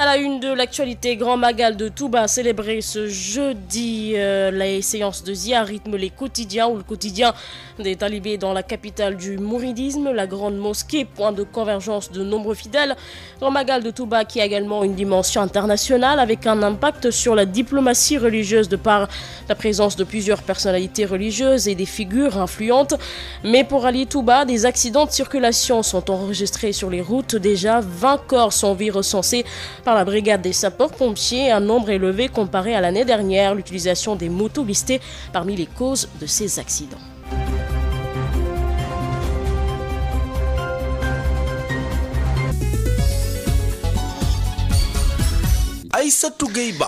À la une de l'actualité, Grand Magal de Touba célébré ce jeudi. Euh, les séances de Zia rythment les quotidiens ou le quotidien des talibés dans la capitale du mouridisme. La grande mosquée, point de convergence de nombreux fidèles. Grand Magal de Touba qui a également une dimension internationale avec un impact sur la diplomatie religieuse de par la présence de plusieurs personnalités religieuses et des figures influentes. Mais pour Ali Touba, des accidents de circulation sont enregistrés sur les routes. Déjà, 20 par la brigade des sapeurs-pompiers, un nombre élevé comparé à l'année dernière, l'utilisation des motos listées parmi les causes de ces accidents.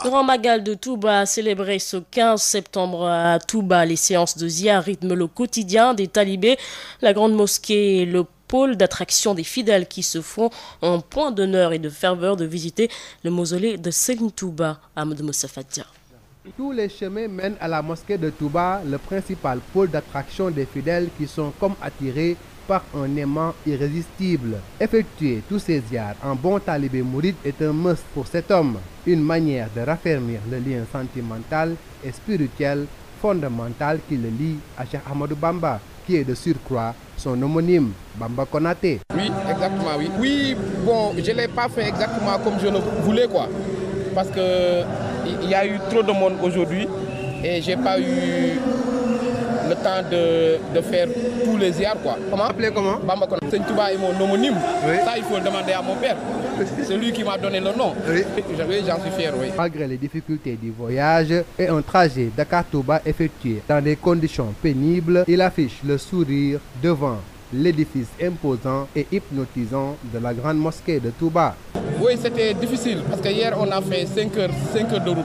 Grand Magal de Touba a célébré ce septembre à Touba les séances de Zia rythment le quotidien des talibés. La grande mosquée et le pôle d'attraction des fidèles qui se font un point d'honneur et de ferveur de visiter le mausolée de Serigne Touba Ahmadou Moustapha Dia. Tous les chemins mènent à la mosquée de Touba, le principal pôle d'attraction des fidèles qui sont comme attirés par un aimant irrésistible. Effectuer tous ces ziarras en bon talibé mouride est un must pour cet homme, une manière de raffermir le lien sentimental et spirituel fondamental qui le lie à qui est de surcroît son homonyme, Bamba Konaté. Oui, exactement, oui. Oui, bon, je l'ai pas fait exactement comme je le voulais, quoi. Parce que y a eu trop de monde aujourd'hui et j'ai pas eu le temps de, de faire tous les ziar Comment appeler comment Bamba Konaté. Seigne Touba est mon homonyme. Oui. il faut demander à mon père. C'est qui m'a donné le nom. Oui. J'en suis fier, oui. voyage et un trajet dakar effectué dans des conditions pénibles, il affiche le sourire devant l'édifice imposant et hypnotisant de la grande mosquée de Touba. Oui, c'était difficile parce que hier on a fait heures, heures de route.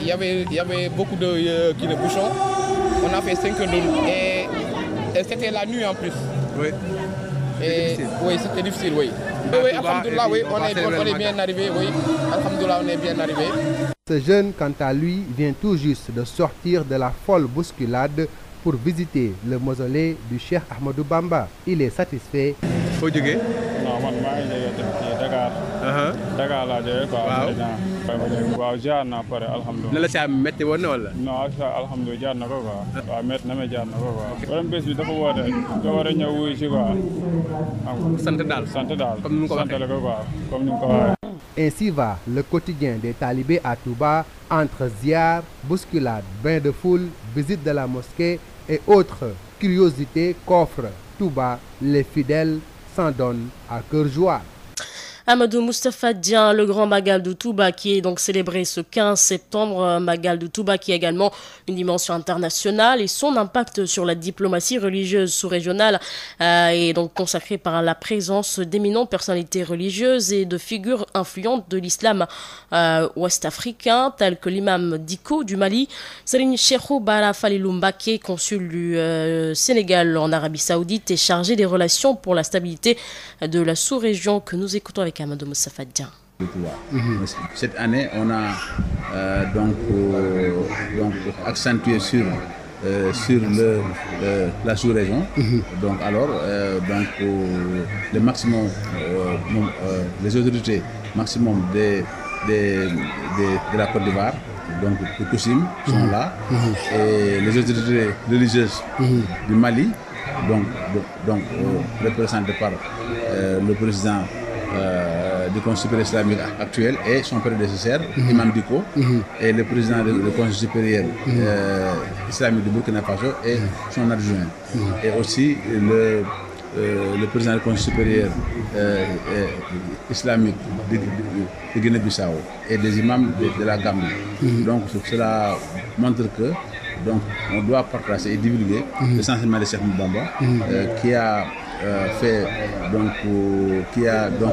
Il y avait, il beaucoup de euh, qui bouchons. on a fait 5 rondes la nuit en plus. Et, oui, difficile, oui. on est, bien arrivé, Ce jeune, quant à lui, vient tout juste de sortir de la folle bousculade pour visiter le mausolée du Cheikh Ahmadou Bamba. Il est satisfait. man maa ngi jógee def ci Dakar. Dakar laa jógee quoi. waaw waaw jaar naa pare alhamdulilah. na la saa métti woon na non ak saa jaar na ko quoi. Ah. waaw métti na ma jaar na ko quoi. borom bés bi dafa woote. nga war sant daal sant daal. comme ni mu ko waxee sant la ko quoi ko waxee. Ainsi va le quotidien des talibés à Touba entre ziar, bousculade, bain de foule, visite de la mosquée et autres curiosités qu'offre Touba les fidèles s'en donne à cœur joie. Amadou Moustapha Dien, le grand Magal de Touba, qui est donc célébré ce septembre. Magal de Touba qui a également une dimension internationale et son impact sur la diplomatie religieuse sous-régionale euh, donc consacré par la présence d'éminentes personnalités religieuses et de figures influentes de l'islam euh, ouest-africain, tels que l'imam Diko du Mali, Saline Cheikh Bara Falilumbake, consul du euh, Sénégal en Arabie Saoudite et chargé des relations pour Kamadou Moustapha Dieng. Cette année, on a euh, donc, euh, donc accentué sur, euh, sur le, euh, sous-région. Donc alors, euh, donc, le maximum, les autorités maximum des, de la Côte d'Ivoire, donc de Koussim, sont là, et les autorités du Mali, donc, donc représentées par le président euh, du Conseil supérieur islamique actuel et son prédécesseur, mm -hmm. Imam Diko, mhm. et le président du Conseil supérieur euh, islamique du Burkina Faso et son adjoint. Et aussi le, le président du Conseil supérieur islamique de, de, bissau et des imams de, la Gambie. Mhm. Donc cela montre que donc on doit partager et divulguer mhm. le de Cheikh Mbamba euh, qui a Euh, fait donc euh, qui a donc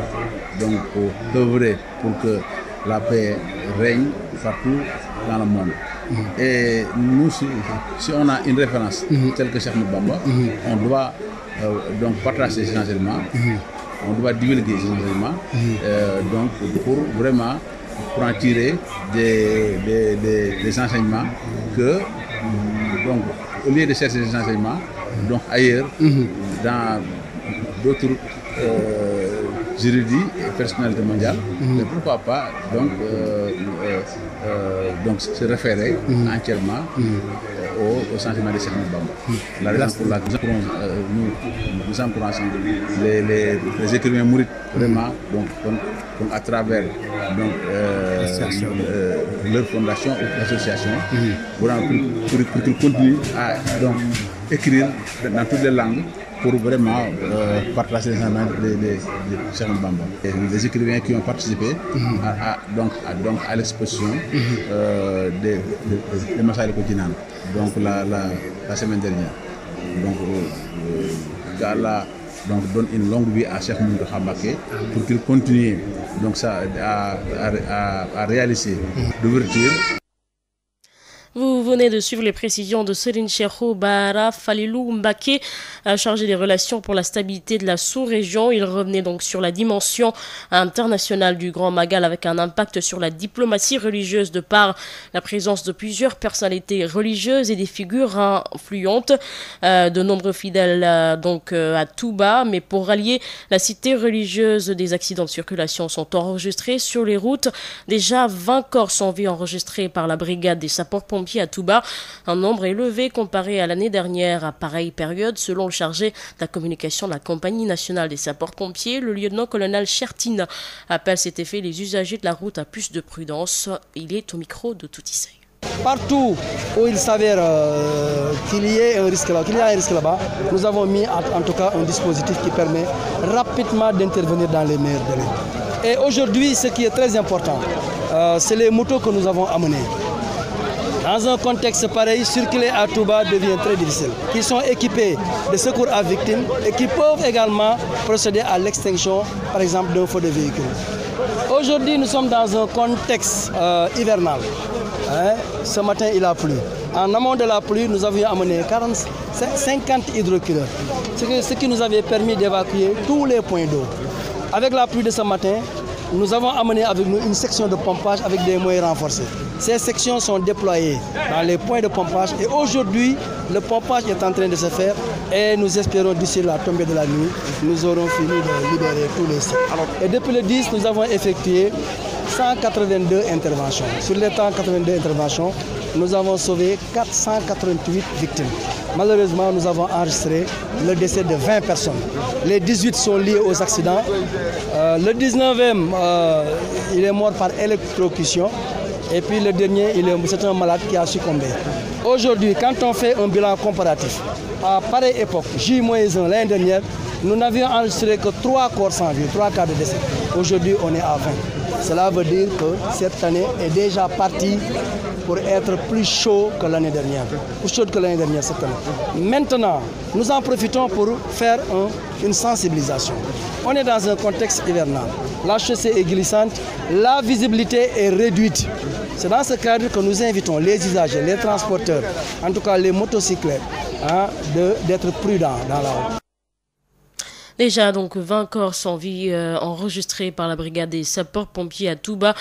donc euh, œuvré que la paix règne partout dans le monde. Mm-hmm. Et nous, si, on a une référence mm-hmm. telle que Cheikh Bamba, mm-hmm. on doit euh, donc on doit divulguer ces donc pour vraiment pour en tirer des, enseignements que, au lieu de chercher ces donc ailleurs. dans d'autres euh, juridiques et personnalités mondiales. Mm-hmm. mais pourquoi pas donc euh, euh, donc se référer. Mm-hmm. entièrement. Mm-hmm. Au, au, de Cheikh Bamba. La raison pour laquelle nous, nous encourageons les, les, les écrivains vraiment, donc, donc, à travers donc, euh, euh, leur fondation ou l'association, mm -hmm. pour, pour, à donc, écrire dans toutes les langues pour vraiment euh, partager les enseignements de, de, de Bamba. Et les écrivains qui ont participé mhm. à, donc, l'exposition mm -hmm. euh, des de, donc la, la, la, semaine dernière. Donc, euh, euh donc donne une longue vie à Cheikh Moundou Khambaké pour qu'il continue donc ça, à, à, réaliser mhm. l'ouverture. Vous venez de suivre les précisions de Serine Cheikh Bara Falilou Mbaké, euh, chargé des relations pour la stabilité de la sous-région. Il revenait donc sur la dimension internationale du Grand Magal avec un impact sur la diplomatie religieuse de par la présence de plusieurs personnalités religieuses et des figures influentes. Euh, de nombreux fidèles euh, donc euh, à Touba, mais pour rallier la cité religieuse, des accidents de circulation sont enregistrés sur les routes. Gambie à Touba, un nombre élevé a à l'année dernière à pareille période, selon le chargé de la communication de la Compagnie nationale les usagers de la route à plus de prudence. est au micro de Toutissé. Partout où il euh, risque a un risque nous avons mis en, tout cas un dispositif qui permet rapidement d'intervenir dans les meilleurs délais. Et aujourd'hui, ce qui est très important, euh, c'est les motos que nous avons amenées. Dans un contexte pareil, circuler à Touba devient très difficile. Ils sont équipés de secours à victimes et qui peuvent également procéder à l'extinction, par exemple, d'un feu de véhicule. Aujourd'hui, nous sommes dans un contexte euh, hivernal. il a plu. En amont de la pluie, nous avions amené 40, 50 ce qui nous avait permis d'évacuer tous les points d'eau. Avec la pluie de ce matin, nous avons amené section de pompage avec des moyens renforcés. Ces sections sont déployées dans les points de pompage et aujourd'hui, le pompage est en train de se faire et nous espérons d'ici la tombée de la nuit, nous aurons fini de libérer les sites. Et depuis le nous avons sauvé 488 victimes. Malheureusement, nous avons enregistré le décès de 20 personnes. Les 18 sont liés aux accidents. Euh, le 19e, euh, il est mort par électrocution. Et puis le dernier, c'est un malade qui a succombé. Aujourd'hui, quand on un bilan comparatif, à pareille époque, J-1 l'année dernière, nous n'avions enregistré que 3 corps sans vie, 3 cas de décès. Aujourd'hui, on est à 20. Cela pour être plus chaud que l'année dernière, plus chaud que l'année dernière cette Maintenant, nous en profitons pour faire un, une sensibilisation. On est dans un contexte hivernal. La chaussée est glissante, la visibilité est réduite. C'est dans ce cadre que nous invitons les usagers, les transporteurs, en tout cas les motocyclettes, hein, d'être prudents dans la route. Déjà, donc, 20 corps sans vie euh, enregistrés par la brigade des sapeurs-pompiers à Touba,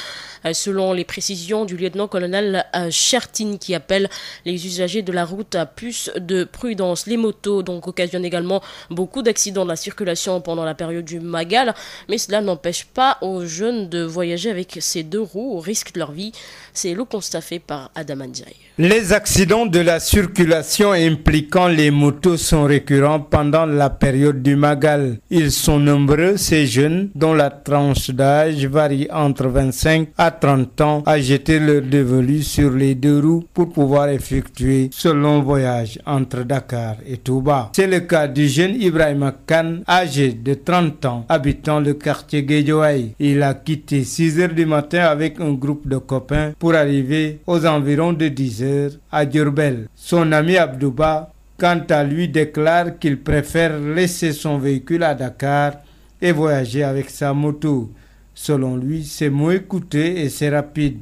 euh, selon les précisions du lieutenant-colonel euh, Chertine, qui appelle les usagers de la route à plus de prudence. Les motos, donc, occasionnent également beaucoup d'accidents de la circulation pendant la période du Magal, mais cela n'empêche pas aux jeunes de voyager avec ces deux roues au risque de leur vie. C'est le constat fait par Adam Andiaï. la circulation Sénégal. Ils sont nombreux, ces jeunes, dont la tranche d'âge varie entre 25 à 30 ans, à jeter leur dévolu sur les deux roues pour pouvoir effectuer ce long voyage entre Dakar et Touba. C'est le cas du jeune Ibrahima Khan, âgé de 30 ans, habitant le quartier Guédiawaye. Il a quitté 6 heures du matin avec un groupe de copains pour arriver aux environs de 10 heures à Diourbel. Son ami quant à lui, déclare qu'il préfère laisser son véhicule à Dakar et voyager avec sa moto. Selon lui, c'est moins écouté et c'est rapide.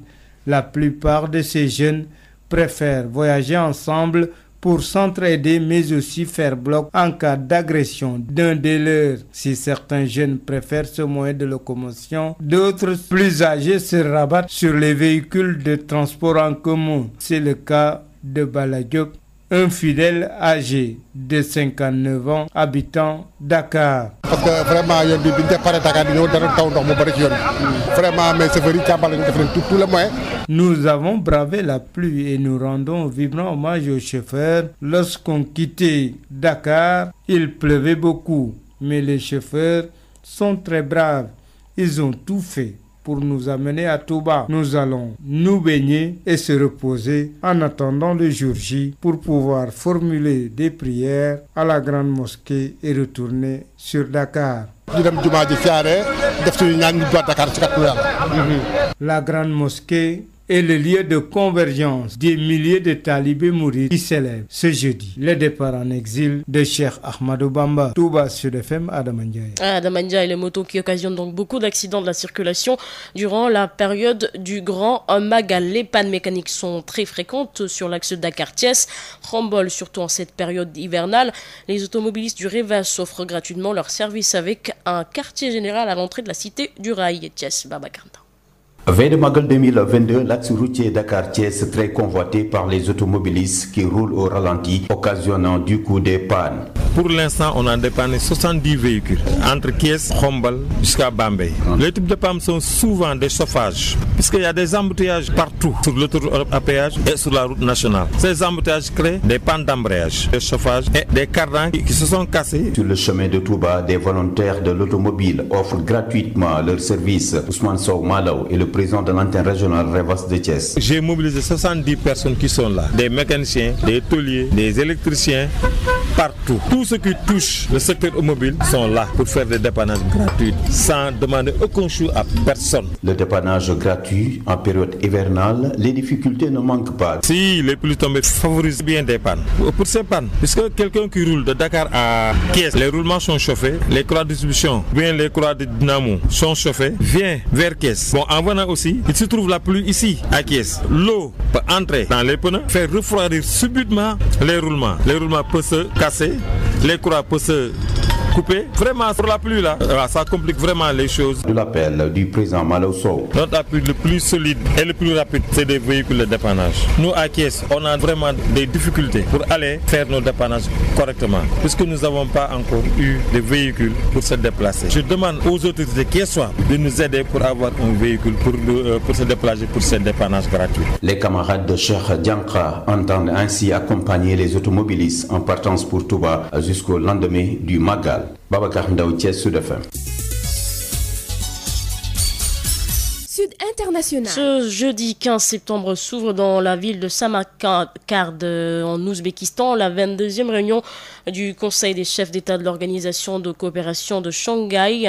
La plupart de ces jeunes préfèrent voyager ensemble pour s'entraider mais aussi faire bloc en cas d'agression d'un des leurs. Si certains jeunes préfèrent ce moyen de locomotion, d'autres plus âgés se rabattent sur les véhicules de transport en commun. C'est le cas de Bala Diop un fidèle âgé de 59 ans habitant Dakar. parce que vraiment yoon bi bi ñu def pare Dakar di ñëw taw ndox mu bëri ci yoon bi vraiment tout le moyen. nous avons bravé la pluie et nous rendons vibrant hommage aux chauffeurs lorsqu'on quittait Dakar il pleuvait beaucoup mais les chauffeurs sont très braves ils ont tout fait. pour nous amener à Touba. Nous allons nous baigner et se reposer en attendant le jour J pour pouvoir formuler des prières à la grande mosquée et retourner sur Dakar. La grande mosquée est le lieu de convergence des milliers de talibés mourides qui célèbrent ce jeudi le départ en exil de Cheikh Ahmadou Bamba. Touba Sud FM, Adama Ndiaye. Adama Ndiaye, les motos qui occasionnent donc beaucoup d'accidents de la circulation durant la période du Grand Magal. Les pannes mécaniques sont très fréquentes sur l'axe Dakar-Thiès, Rambol, surtout en cette période hivernale. Les automobilistes du Réva s'offrent gratuitement leur service avec un quartier général à l'entrée de la cité Veille de Magal 2022, routier Dakar-Thiès très convoité par les automobilistes qui roulent au ralenti, occasionnant du coup des pannes. Pour l'instant, on a dépanné 70 véhicules, entre Kies, Khombal jusqu'à Bambay. Ah. Les types de PAM sont souvent des chauffages, partout sur l'autoroute à péage et sur la route nationale. Ces embouteillages créent des pannes d'embrayage, des le chemin de Touba, des volontaires de l'automobile offrent gratuitement leurs services. Ousmane Sow Malaw est le président de l'antenne régionale Revas de Thiès. J'ai mobilisé 70 des mécaniciens, des tauliers, des électriciens, tout ce qui touche le secteur automobile sont là pour faire des dépannages gratuits sans demander aucun chou à personne. Le dépannage gratuit en période hivernale, les difficultés ne manquent pas. Si les pluies tombées favorisent bien des pannes, pour ces pannes, puisque quelqu'un qui roule de Dakar à Kies, les roulements sont chauffés, les croix de distribution, bien les croix de dynamo sont chauffées, vient vers Kies. Bon, en venant aussi, il se trouve la pluie ici à Kies. L'eau peut les pneus, faire refroidir subitement les roulements. Les les croix peuvent se coupé. Vraiment, sur la pluie là, ça complique vraiment les choses. De l'appel du président Malo Sow. Notre appui le plus solide et le plus rapide, c'est des véhicules de dépannage. Nous, à on a vraiment des difficultés pour aller faire nos dépannages correctement, puisque nous n'avons pas encore eu de véhicules pour se déplacer. Je demande aux autorités qui soient de nous aider pour avoir un véhicule pour, le, euh, pour se Les camarades de Cheikh Diankra entendent ainsi accompagner les automobilistes en partance pour Touba jusqu'au lendemain Sénégal Babacar Ndaw Thiès Sud FM Sud International. Ce jeudi 15 septembre s'ouvre dans la ville de Samarkand euh, en Ouzbékistan e réunion du Conseil des chefs d'État de coopération de Shanghai,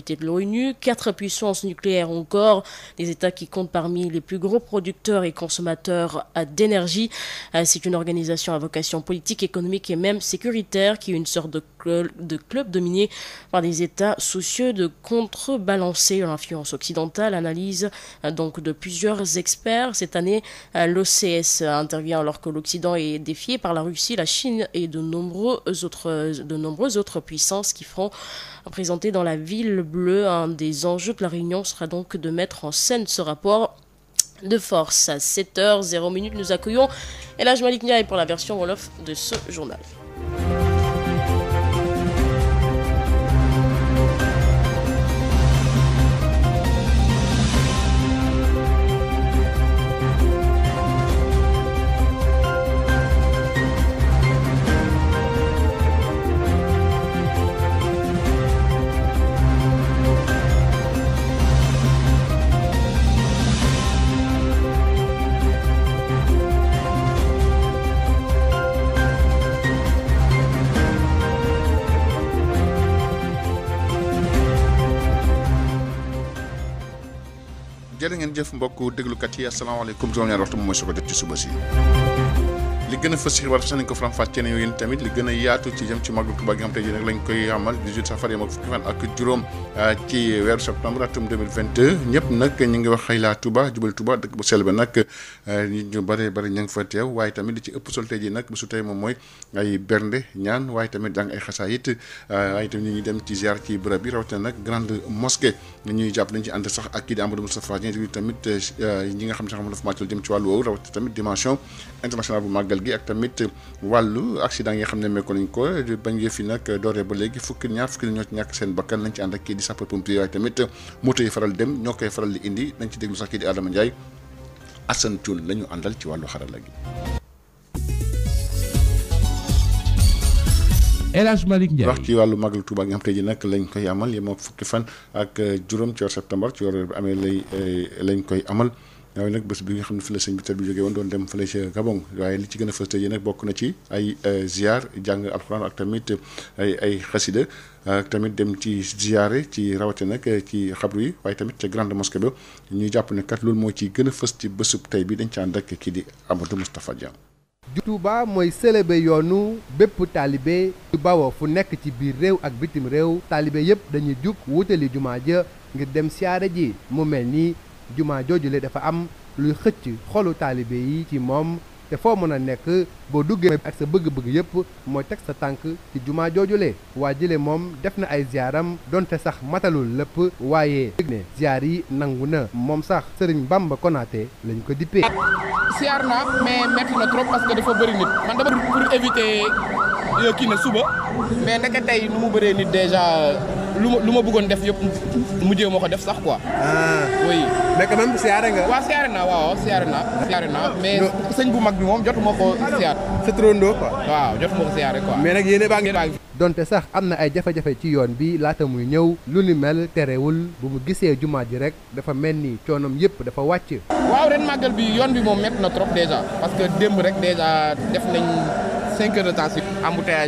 responsabilité de l'ONU, quatre puissances nucléaires encore, des États qui comptent parmi les plus gros producteurs et consommateurs d'énergie. Euh, c'est une organisation à vocation politique, économique et même sécuritaire qui est une sorte de club, de clubs dominés par des États soucieux de contrebalancer l'influence occidentale, analyse euh, donc de plusieurs experts. Cette année, euh, l'OCS intervient alors que l'Occident est défié par la Russie, la Chine et de, nombreux autres, euh, de nombreuses autres puissances qui feront présenter dans la ville bleue un des enjeux de la réunion sera donc de mettre en scène ce rapport de force. À 7h0 minutes, nous accueillons Elage Malik Niaï pour la version Wolof de jëf mbokk déglukat yi asalaamaaleykum juróom-ñaari waxtu moom mooy ko jot suba si li gën a fës xibaar fas nañ ko faram-fàccee nañu yéen tamit li gën a yaatu ci jëm ci màggal Tuubaa gi xam te ji nag lañ koy amal 18 safar yam ak fukki fan ak juróom euh, ci ñëpp nag ñu ngi wax Hayla Touba jubal Touba dëkk bu sell ba nag euh, nit ñu bare bare ñu fa teew waaye tamit li ci ëpp sol tey ji nag bu su tey moom mooy ay bernde tamit jàng ay xasaayit euh, waaye ñu ngi dem ci ziar ci bërëb bi rawatina nag grande mosquée ñuy jàpp nañ ci ànd sax ak kii di Amadou nga xam ne sax moom la formation jëm ci wàllu woowu rawatina tamit dimension internationale bu màggal màggal gi ak tamit wàllu accident yi nga xam ne meeku nañ ko bañ yëf yi nag dooree ba léegi fukki ñaar fukki ñoo ci seen bakkan nañ ci ànd ak kii di sapeur pompier waaye tamit moto yi dem ñoo koy faral di indi nañ ci déglu sax kii di Adama Ndiaye Assane Thioune ci wàllu xarala gi. El wax ci wàllu màggal Touba gi nga xam te ji nag lañ koy amal yem ak fukki fan ak juróom ci weeru septembre ci bi amee lay eh, lañ koy amal ñooy nag bés bi nga xam ne fi la sëñ bi tel bi jógee woon doon dem fële ca Gabon waaye li ci gën a fës tey nag bokk na ci ay euh, ziar jàng alxuraan ak tamit ay ay xasida ak tamit dem ci ziare ci rawate nag ci xabru yi waaye tamit ca grande mosquée ba ñuy jàpp ne kat loolu moo ci gën a fës ci bésub tey bi dañ ca ànd ak kii di Amadou Moustapha Diam Touba mooy célébé yoonu bépp taalibe yu bawoo fu nekk ci biir réew ak bitim réew taalibe yépp dañuy jug wutali jumaa ja ngir dem siyaare ji mu mel nii jumaa joojule dafa am luy xëcc xolu taalibe yi ci moom te foo mën a nekk boo duggee ak sa bëgg-bëgg yépp mooy teg sa tànk ci jumaa joojule waa jile moom def na ay ziyaaram donte sax matalul lépp waaye dégg ne ziyaar yi nangu na moom sax Serigne Bamba Konaté lañ ko dippee ziyaar naa mais metti na trop parce que dafa bëri nit man dama pour éviter euh, kii na suba mais naka tey nu mu bëree nit déjà lu ma lu ma bëggoon def yëpp mujjee moo ko def sax quoi. Ah. oui. mais quand même siyaare waaw siyaare naa waaw siyaare naa. siyaare naa mais sëñ bu mag bi moom jotuma ko siyaar. sa waaw jotu ma ko mais nag yéen baa ngi donte sax am na ay jafe ci yoon bi laata muy ñëw lu ni mel terewul bu mu gisee jumaa ji rek dafa mel ni coonom yëpp dafa wàcc. waaw bi yoon bi moom métti na trop déjà parce que démb rek déjà def nañ cinq heures de temps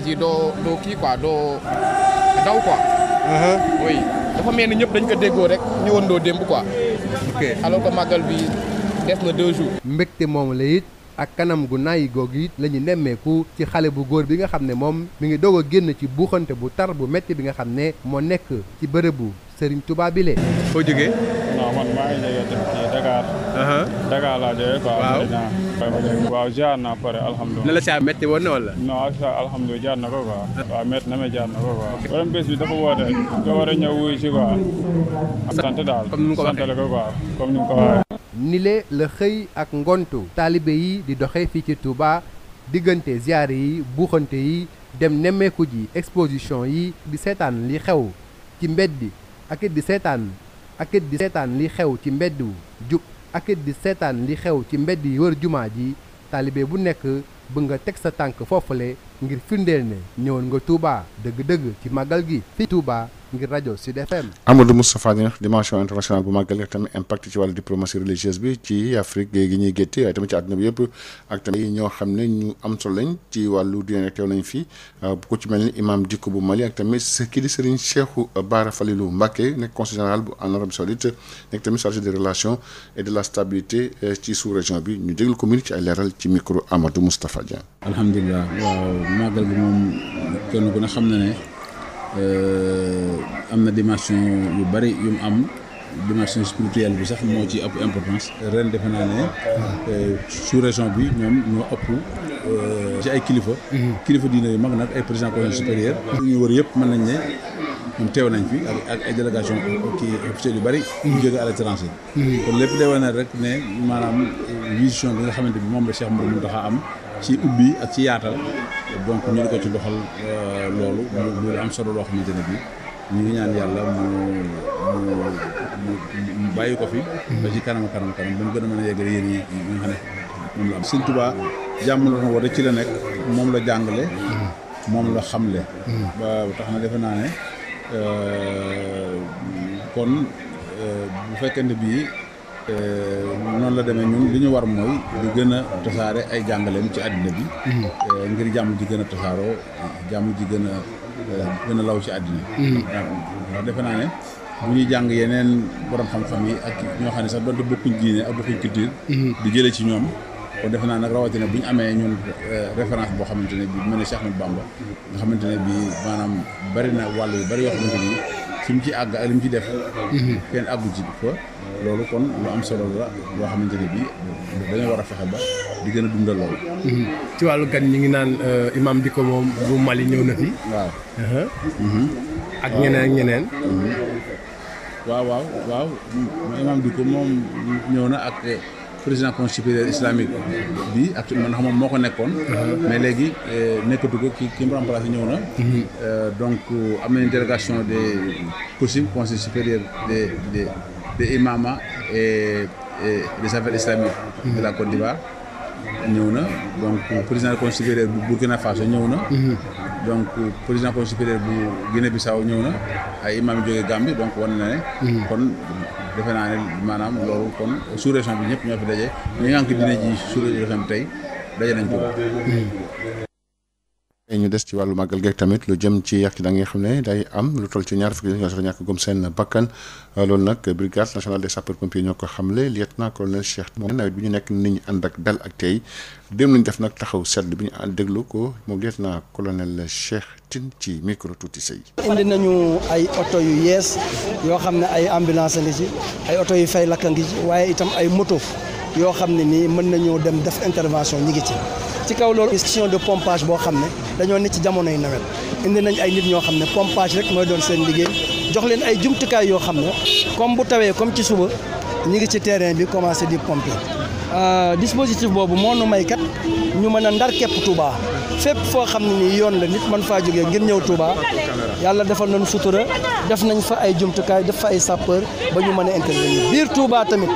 si doo doo kii quoi doo daw quoi. Uh-huh. oui dafa mel ni ñëpp dañ ko déggoo rek ñëwandoo démb quoi. ok alors que màggal bi des na deux jours. mbégte moom la ak kanam gu naay googu it la ñu nemmeeku ci xale bu góor bi nga xam ne moom mi ngi doog a génn ci buuxante bu tar bu metti bi nga xam ne moo nekk ci bërëbu Serigne Touba bile. foo jóge non man maa ngi jógee Dakar. Uh-huh. Dakar laa jógee quoi. waaw waaw jaar naa pare alhamdulilah. na la saa métti woon na wala. non ak saa alhamdulilah jaar na ko quoi. waaw métti na jaar na ko quoi. borom bés bi dafa woote nga a ñëw ko la ko quoi nile la xëy ak ngontu. taalibe yi di doxe fii ci Touba diggante ziare yi buuxante yi dem nemmeeku ji exposition yi di seetaan li xew ci mbedd ak it seetaan li xew ci mbedd jub. ak it di seetaan li xew ci mbedd yi wër jumaa ji taalibe bu nekk bëgg nga teg sa tànk foofule ngir firndeel ne ñëwoon nga Touba dëgg-dëgg ci màggal gi fi Touba ngir rajo Sud FM. Amadou Moustapha Niass dimension internationale fi bu ah, ko ci mel ni bu Mali ak tamit kii di Serigne Cheikhou Bara Falilou Mbacké nekk conseil général bu en Arabie de la stabilité eh, ci sous région bi ñu déglu commune ci ay ci micro Amadou Moustapha Diagne. alhamdulilah waaw màggal bi moom kenn ku ne xam na ne. Euh, am na dimension yu bari yu mu am dimension spirituelle bi sax moo ci ëpp importance ren defe naa ne euh, sous région bi ñoom ñoo ëpp euh, ci ay kilifa mhm. kilifa diine yu mag nag ay président conseil supérieur ñu wër yëpp mën nañ ne ñoom teew nañ fi ak ay délégation kii officiel yu bari ñu mhm. jóge à l'étranger mhm. kon lépp day wane rek ne maanaam vision bi nga xamante bi moom la Cheikh Mouhamadou Mountakha am ci ubbi ak ci yaatal donc ñu di ko ci doxal euh, loolu lu am solo loo xamante ne bii ñu ngi ñaan yàlla mu mu mu bàyyi ko fi. ba ci kanam kanam kanam ba mu gën a mën a yeggale yéen yi ñu nga xam ne moom la am. Sëñ Tuubaa jàmm la woote ci la nekk moom la jàngale. moom la xamle. ba tax na defe naa ne euh, kon euh, bu fekkente bii. Euh, noonu la demee ñun li ñu war mooy di gën a tosaare ay jàngaleem ci àddina bi euh, ngir jàmm ji gën a tasaaroo jàmm ji gën a euh, gën a law ci àddina ndax defe naa ne bu ñuy jàng yeneen borom xam-xam yi ak ñoo xam ne sax doonte bokkuñ diine ak bokkuñ culture di jële ci ñoom kon defe naa nag rawatina bu ñu amee ñun référence boo xamante ne bi mel ne Cheikh Ahmadou Bamba nga xamante ne bi maanaam bari na wàll yu bari yoo xamante ni fi mu ci àgg ak li mu ci def. Mhm. kenn àggu ci ko loolu kon lu am solo la loo xamante ne bii dañoo war a fexe ba di gën a dundal loolu. Mhm. ci wàllu gan ñi ngi naan euh, imam di ko moom bu Mali ñëw na fi. waaw. Mhm. ak ñeneen ak ñeneen. waaw waaw waaw imam di ko moom ñëw na ak. président conseil supérieur islamique bi actuellement ndax moom moo ko nekkoon. Uh-huh. mais léegi eh, nekkatu ko ki ki mu remplacé ñëw na. Uh-huh. Euh, donc euh, am nañu délégation des COSIM conseil supérieur des des et et des affaires de la uh-huh. Côte d'Ivoire ñëw na donc président conseil supérieur bu Burkina Faso ñëw na. donc euh, président conseil supérieur bu Guinée Bissau ñëw na ay imam yu jógee Gambie donc wane na ne. Hmm. kon defe naa ne maanaam loolu kon sous région bi ñëpp ñoo fi dajee ñi nga xam ne dina ji sous région bi tey daje nañ ko. Hmm. ñu des ci wàllu màggal geeg tamit lu jëm ci yàq da nga xam ne day am lu toll ci ñaar fukki ñoo sax ñàkk gom seen bakkan loolu nag brigade nationale des sapeurs pompiers ñoo ko xamle lieutenant colonel Cheikh moom nawet ci micro tuuti sëy indi nañu ay oto yu yees yoo xam ne ay ambulance ngi ci ay oto yu fay lakka ngi ci waaye itam ay moto yoo xam ne nii mën nañoo dem def intervention ñi ngi ci ci kaw loolu station de pompage boo xam ne dañoo ne ci jamonoy nawet indi nañ ay nit ñoo xam ne pompage rek mooy doon seen liggéey jox leen ay jumtukaay yoo xam ne comme bu tawee comme ci suba ñi ngi ci terrain bi commencé di pomper euh, dispositif boobu moo nu may kat ñu mën a ndar kepp Touba fépp foo xam ne nii yoon la nit mën faa jógee ngir ñëw Touba yàlla defal nañu sutura def nañ fa ay jumtukaay def fa ay sapeur ba ñu mën a intervenir biir Touba tamit.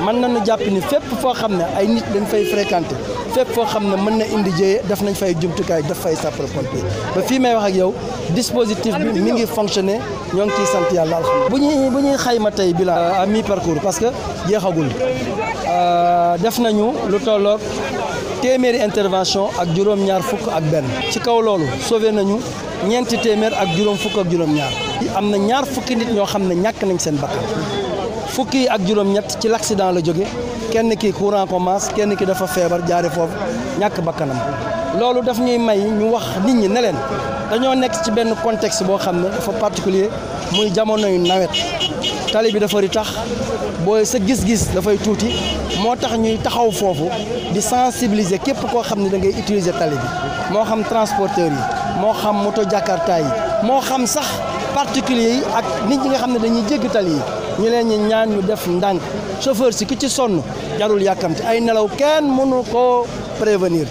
man mën nañu jàpp ni fépp foo xam ne ay nit dañ fay fréquenté fépp foo xam ne mën na indi jëye def nañ fay jumtukaay daf fay sapeur pompier ba fii may wax ak yow dispositif bi mu ngi fonctionné ñoo ngi ciy sant yàlla alhamdulilah bu ñuy bu ñuy xayma tey bilan euh, à mi parcours parce que jeexagul euh, def nañu lu tolloog téeméeri intervention ak juróom-ñaar fukk ak benn ci kaw loolu sauvé nañu ñeenti téeméer ak juróom fukk ak juróom-ñaar am na ñaar fukki nit ñoo xam ne ñàkk nañ seen bakkan fukki ak juróom-ñett ci l'accident la jóge kenn ki courant commence kenn ki dafa feebar jaare foofu ñàkk bakkanam loolu daf ñuy may ñu wax nit ñi ne leen dañoo nekk ci benn contexte boo xam ne dafa particulier muy jamono yu nawet tali bi dafa ri tax booy sa gis-gis dafay tuuti moo tax ñuy taxaw foofu di sensibiliser képp koo xam ne da ngay utiliser tali bi moo xam transporteur yi moo xam moto jakarta yi moo xam sax particulier yi ak nit ñi nga xam ne dañuy jéggi yi ñu leen ñi ñaan ñu def ndànk chauffeur si ki ci sonn jarul yàkkamti ay nelaw kenn mënu koo prévenir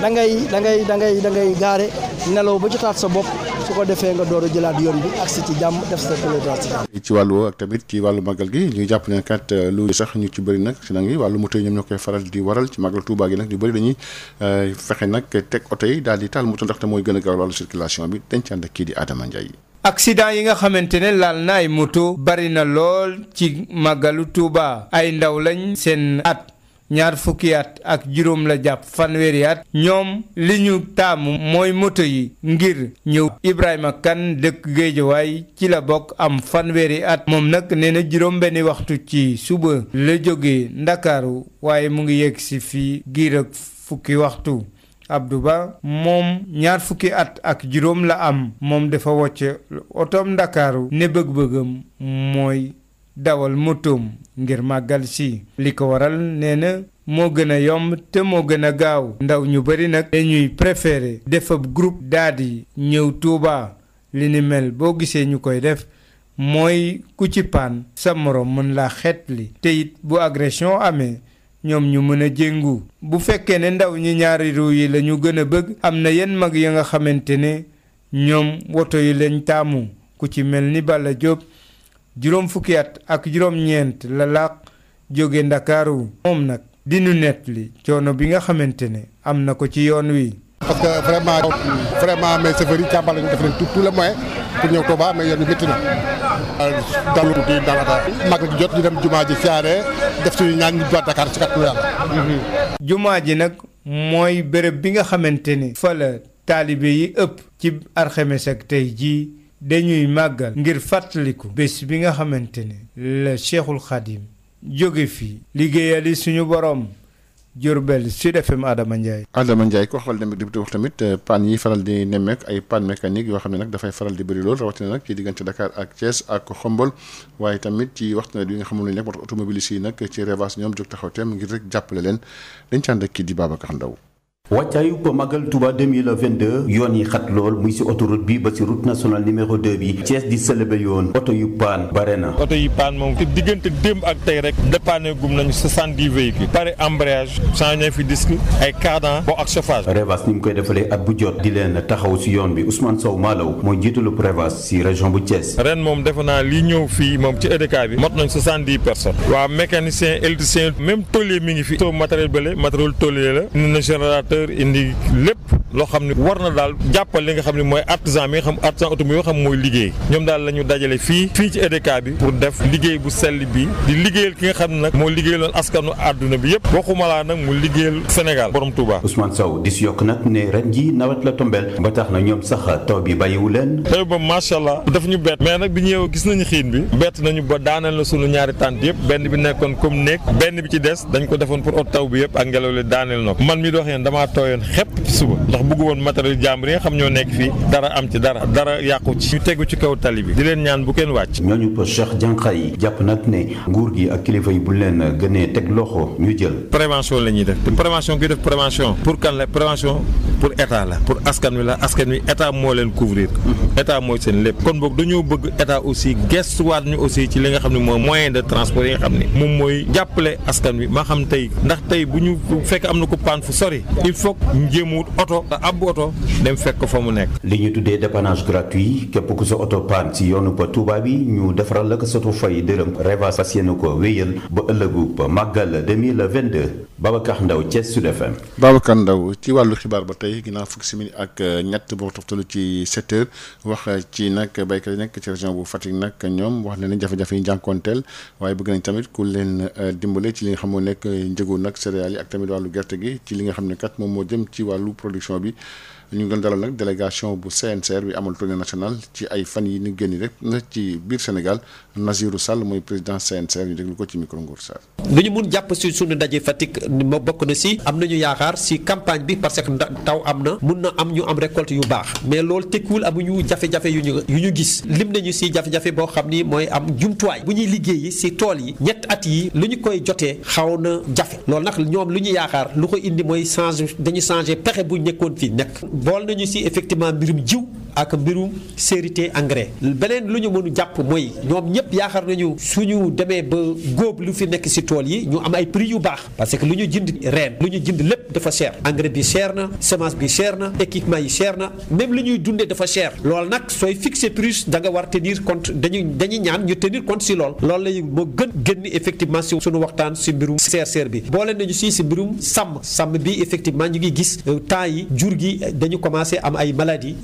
da ngay da ngay da ngay da ngay gaare nelaw ba jotaat sa bopp su ko defee nga door a jëlaat yoon bi agsi ci jàmm def sa ci ci wàllu ak tamit ci wàllu màggal gi ñu jàpp ne kat euh, lu sax ñu ci bëri nag si nag yi wàllu moto yi ñoom ñoo koy faral di waral ci màggal Tuubaa gi nag ñu bëri dañuy euh, fexe nag teg oto yi daal di taal moto ndaxte mooy gën a gaaw wàllu circulation bi dañ ci kii di Adama Ndiaye accident yi nga xamante ne laal na ay moto bari na lool ci màggalu Tuuba ay ndaw lañ seen at ñaar fukki at ak juróom la jàpp fanweeri at ñoom li ñu taamu mooy moto yi ngir ñëw Ibrahima kan dëkk Géejawaay ci la bokk am fanweeri at moom nag nee na juróom benni waxtu ci suba la jóge Ndakaaru waaye mu ngi yegg ci fii giir ak fukki waxtu Abdou Ba moom ñaar fukki at ak juróom la am moom dafa wàcc otoom ndakaaru ne bëgg-bëggam mooy dawal motoom ngir màggal si li ko waral nee na moo gën a yomb te moo gën a gaaw ndaw ñu bari nag dañuy préféré defab groupe daadi ñëw Tuuba li ni mel boo gisee ñu koy def mooy ku ci paan sa moroom mën laa xeetli te it bu agression amee ñoom ñu mën a jéngu bu fekkee ne ndaw ñi ñaari ruu yi la ñu gën a bëgg am na yenn mag ya nga xamante ne ñoom woto yi leen taamu ku ci mel ni Balla Diop juróom fukki at ak juróom-ñeent la jóge ndakaaru moom nag dinu net li coono bi nga xamante ne am na ko ci yoon wi. parce que vraiment vraiment mais chauffeur yi càmbal la ñu def leen tout tout le moyen ñëw Touba mais yoon wi métti na. dalu di dara jot ñu dem jumaa ji siyaare def suñu ñaan ñu doot Dakar ci kàttanu yàlla jumaa ji nag mooy bërëb bi nga xamante ni fa la taalibe yi ëpp ci arxemes ak tey jii dañuy màggal ngir fàttaliku bés bi nga xamante ne la Cheikhul Xadim jóge fii liggéeyale suñu boroom Diourbel Sud FM Adama Ndiaye. Adama Ndiaye ku wax wala tamit di wax tamit euh, panne yi faral di nemmeek ay panne mécanique yoo xam ne nag dafay faral di bëri lool rawatina nag ci diggante Dakar ak Thiès ak Xombol waaye tamit ci waxtu bi nga xamul ne nag moo tax automobilistes yi nag ci Revache ñoom jóg taxaw teem ngir rek jàppale leen dañ ci ànd ak kii di Babacar Ndaw wàccaayu ko magal Touba 2022 yoon yi xat lool muy si autoroute bi ba si route nationale numéro 2 bi Thiès di sëlëbe yoon oto yu paan bare na oto yu paan moom te diggante démb ak tey rek dépanné gum nañu 70 véhicules pare embrayage changé fi disque ay cardan bo ak chauffage Prévas ni mu koy defalee at bu jot di leen taxaw si yoon bi Ousmane Sow Malaw mooy njiitalu Prévas si région bu Thiès ren moom defe naa li ñëw fii moom ci EDK bi mot nañ 70 personnes waa mécanicien électricien même tôlier mi ngi fi soo matériel bële matériel tôlier ordinateur indi lépp loo xam ne war na daal jàppal li nga xam ne mooy artisan mi nga xam artisan automobile bi nga xam mooy liggéey ñoom daal la ñu dajale fii fii ci EDK bi pour def liggéey bu sell bi di liggéeyal ki nga xam ne nag moo liggéeyaloon askanu àdduna bi yëpp waxuma laa nag mu liggéeyal Sénégal borom Touba. Ousmane Sow di si yokk nag ne rek ji nawet la tombeel ba tax na ñoom sax taw bi bàyyiwu leen taw ba macha allah ñu bett mais nag bi ñëw gis nañu xiin bi bett nañu ba daaneel na sunu ñaari tànt yëpp benn bi nekkoon comme benn bi ci des dañ ko defoon taw bi yëpp ak ngelaw li daaneel na ko man mi dox yeen damaa tooyoon xepp suba bëgg woon matériel jàmbur xam ñoo nekk fii dara am ci dara dara yàqu ci ñu tegu ci kaw tali bi di leen ñaan bu kenn wàcc ñooñu pa Cheikh Diankha yi jàpp nag ne nguur gi ak kilifa yi bu leen gënee teg loxo ñu jël prévention la ñuy def te prévention kuy def prévention pour kan la prévention pour état la pour askan wi la askan wi état moo leen couvrir état mooy seen lépp kon boog dañoo bëgg état aussi gestuwaat ñu aussi ci li nga xam ne mooy moyen de transport xam ne moom mooy jàppale askan wi maa xam tey ndax tey bu ñu fekk am na ko paan fu sori ab oto dem fekk fa mu nekk. li ñu tuddee dépannage gratuit képp ku sa oto panne si yoonu ba tubaab yi ñu defaral la ko sotu fay dërëm Reva fas yéene ko wéyal ba ëllëgu ba màggal 2022. Babacar Ndaw Thiès FM. Babacar ci wàllu xibaar ba tey ginnaaw fukki simili ak euh, ñett boo toftalu ci 7 wax euh, ci nag béykat yi nekk ci région bu Fatick nag ñoom wax na ne jafe-jafe yi jànkoonteel waaye bëgg nañ tamit ku leen euh, dimbale ci li nga xam moo nekk njëgu nag céréales yi ak tamit wàllu gerte gi ci li nga xam ne kat moom moo jëm ci wàllu production bi ñu ngi doon dalal nag délégation bu CNCR bi amal tournée national ci ay fan yi ñu génn rek na ci biir Sénégal. Nazirou Sall mooy président CNCR ñu déglu ko ci micro Ngoor Sarr. lu ñu mun jàpp si suñu ndaje Fatick ma bokk na si am nañu yaakaar si campagne bi parce que taw am na mun na am ñu am récolte yu baax mais loolu tekkiwul amuñu jafe-jafe yu ñu yu ñu gis lim nañu si jafe-jafe boo xam ni mooy am jumtuwaay bu ñuy liggéeyi si tool yi ñett at yi lu ñu koy jotee xaw na jafe loolu nag ñoom lu ñu yaakaar lu ko indi mooy change dañu changé pexe bu nekkoon fii nekk bool nañu si effectivement mbirum jiw. ak mbirum séerité engrais beneen lu ñu mënu jàpp mooy ñoom ñëpp yaakaar nañu suñu demee ba góob lu fi nekk si tool yi ñu am ay prix yu baax parce que lu ñu jënd reen lu ñu jënd lépp dafa cher engrais bi cher na semence bi cher na équipement yi cher na même lu ñuy dundee dafa cher lool nag sooy fixer prix da nga war tenir compte dañuy dañuy ñaan ñu tenir compte si lool loolu lay moo gën génn effectivement si suñu waxtaan si mbirum seer seer bi boole nañu si si mbirum sàmm sàmm bi effectivement ñu ngi gis euh, temps yi jur gi dañu commencé am ay maladie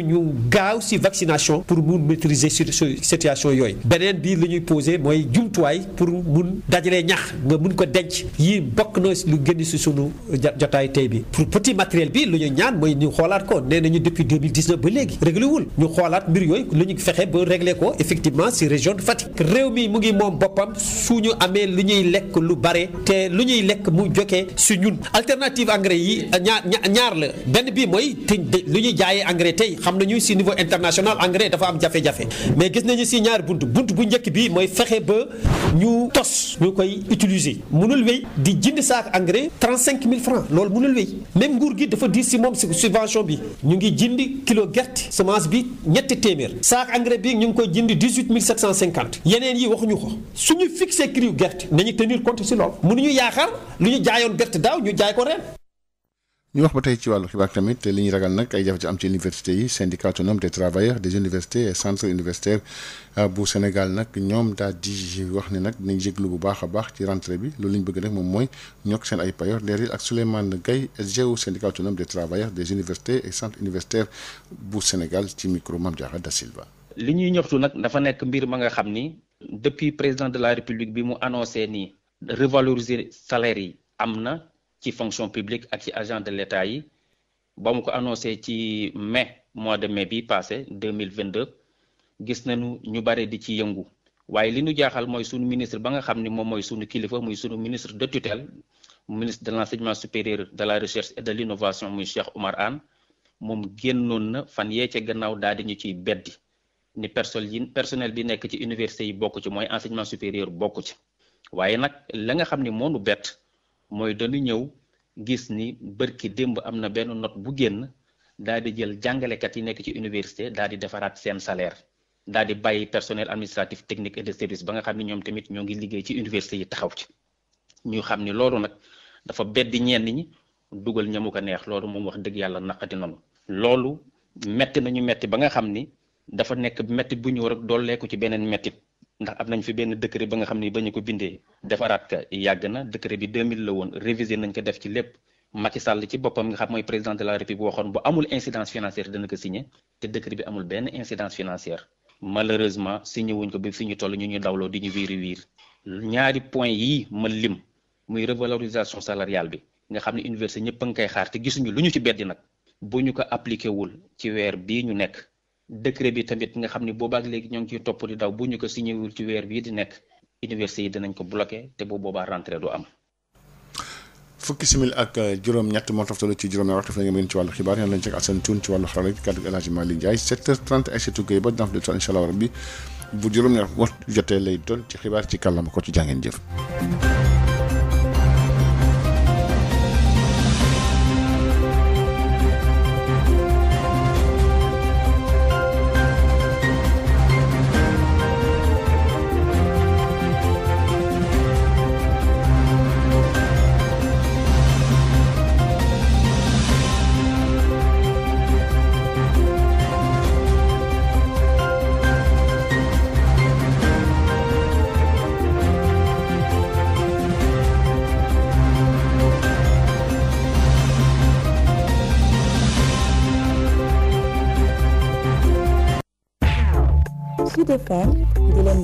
ñu ñu gaaw si vaccination pour mun maîtriser situation yooyu beneen bi li ñuy posé mooy jumtuwaay pour mun dajalee ñax nga mun ko denc yii bokk na lu génn si sunu jotaay tey bi pour petit matériel bi lu ñu ñaan mooy ñu xoolaat ko nee nañu depuis 2019 ba léegi réglé wul ñu xoolaat mbir yooyu lu ñu fexe ba réglé ko effectivement si région de Fatick réew mi mu ngi moom boppam su ñu amee lu ñuy lekk lu bare te lu ñuy lekk mu jokee su ñun alternative engrais yi ñaar ñaar am na nañu si niveau international engrais dafa am jafe-jafe mais gis nañu si ñaari bunt bunt bu njëkk bi mooy fexe ba ñu tos ñu koy utiliser mënul wéy di jënd saak engrais 35 000 francs loolu mënul wéy même nguur gi dafa diis si moom subvention bi ñu ngi jënd kilo gerte semence bi ñetti téeméer saak engrais bi ñu ngi koy jënd 18 750 yeneen yi waxuñu ko suñu fixé prix gerte nañu tenir compte si loolu mënuñu yaakaar lu ñu jaayoon gerte daaw ñu jaay ko ren ñu wax ba tey ci wàllu xibaar tamit li ñu ragal nag ay jafe-jafe am ci université yi syndicat autonome des travailleurs des universités et centres universitaires euh, bu Sénégal nag ñoom daal di wax ne nag dinañ jéglu bu baax a baax ci rentrée bi loolu li ñu bëgg nag moom mooy ñokk seen ay payor leeril ak Souleymane Gaye SGO syndicat autonome des travailleurs des universités et centres universitaires bu Sénégal ci micro Mame Diarra Da Silva. li ñuy ñoxtu nag dafa nekk mbir ma nga xam ni depuis président de la république bi mu annoncé nii revaloriser salaire yi am na. ci fonction publique ak ci agent de l'État yi ba mu ko annoncé ci mais mois de mai bi passé 2022 gis nañu ñu bare di ci yëngu waaye li ñu jaaxal mooy sunu ministre ba nga xam ni moom mooy sunu kilifa muy sunu ministre de tutelle ministre de l'enseignement supérieur de la recherche et de l'innovation muy Cheikh Oumar Anne moom génnoon na fan yee ca gannaaw daal di ñu ciy beddi ni personne yi personnel bi nekk ci université yi bokk ci mooy enseignement supérieur bokk ci waaye nag la nga xam ni moonu bett mooy dañu ñëw gis ni bërki démb am na benn not bu génn daal di jël jàngalekat yi nekk ci université daal di defaraat seen salaire daal di bàyyi personnel administratif technique et de service ba nga xam ni ñoom tamit ñoo ngi liggéey ci université yi taxaw ci ñu xam ni loolu nag dafa beddi ñenn ñi dugal ñamu ko neex loolu moom wax dëgg yàlla naqati nanu loolu metti nañu metti ba nga xam ni dafa nekk metti bu ñu war a dooleeku ci beneen mettit ndax am nañ fi benn décret ba nga xam ni ba ñu ko bindee defaraat ka yàgg na décret bi 2000 la woon révisé nañ ko def ci lépp Macky Sall ci boppam nga xam mooy président de la république waxoon bu amul incidence financière dana ko signé te décret bi amul benn incidence financière malheureusement signé wuñ ko bi fi ñu toll ñu ñu dawloo di ñu wiiri wiir ñaari point yii ma lim muy revalorisation salariale bi nga xam ne université ñëpp a ngi koy xaar te gisuñu lu ñu ci beddi nag bu ñu ko appliqué wul ci weer bii ñu nekk. décret bi tamit nga xam ne boobaak léegi ñoo ngi ciy topp di daw bu ñu ko signéwul ci weer bii di nekk université yi dinañ ko bloqué te bu boobaa du am. fukki simil ak juróom-ñett moo toftalu ci juróom-ñaar waxtu fi nga ci wàllu xibaar yéen lañ ci Assane Thioune ci wàllu xarala gi kàddu gi El Hadj Malick Ndiaye 7h30 ba daf di toog incha allah rabbi bu juróom-ñaar waxtu jotee lay doon ci xibaar ci kàllaama ko ci jàngeen jëf.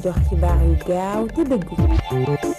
jox xibaar yu gaaw te dëggu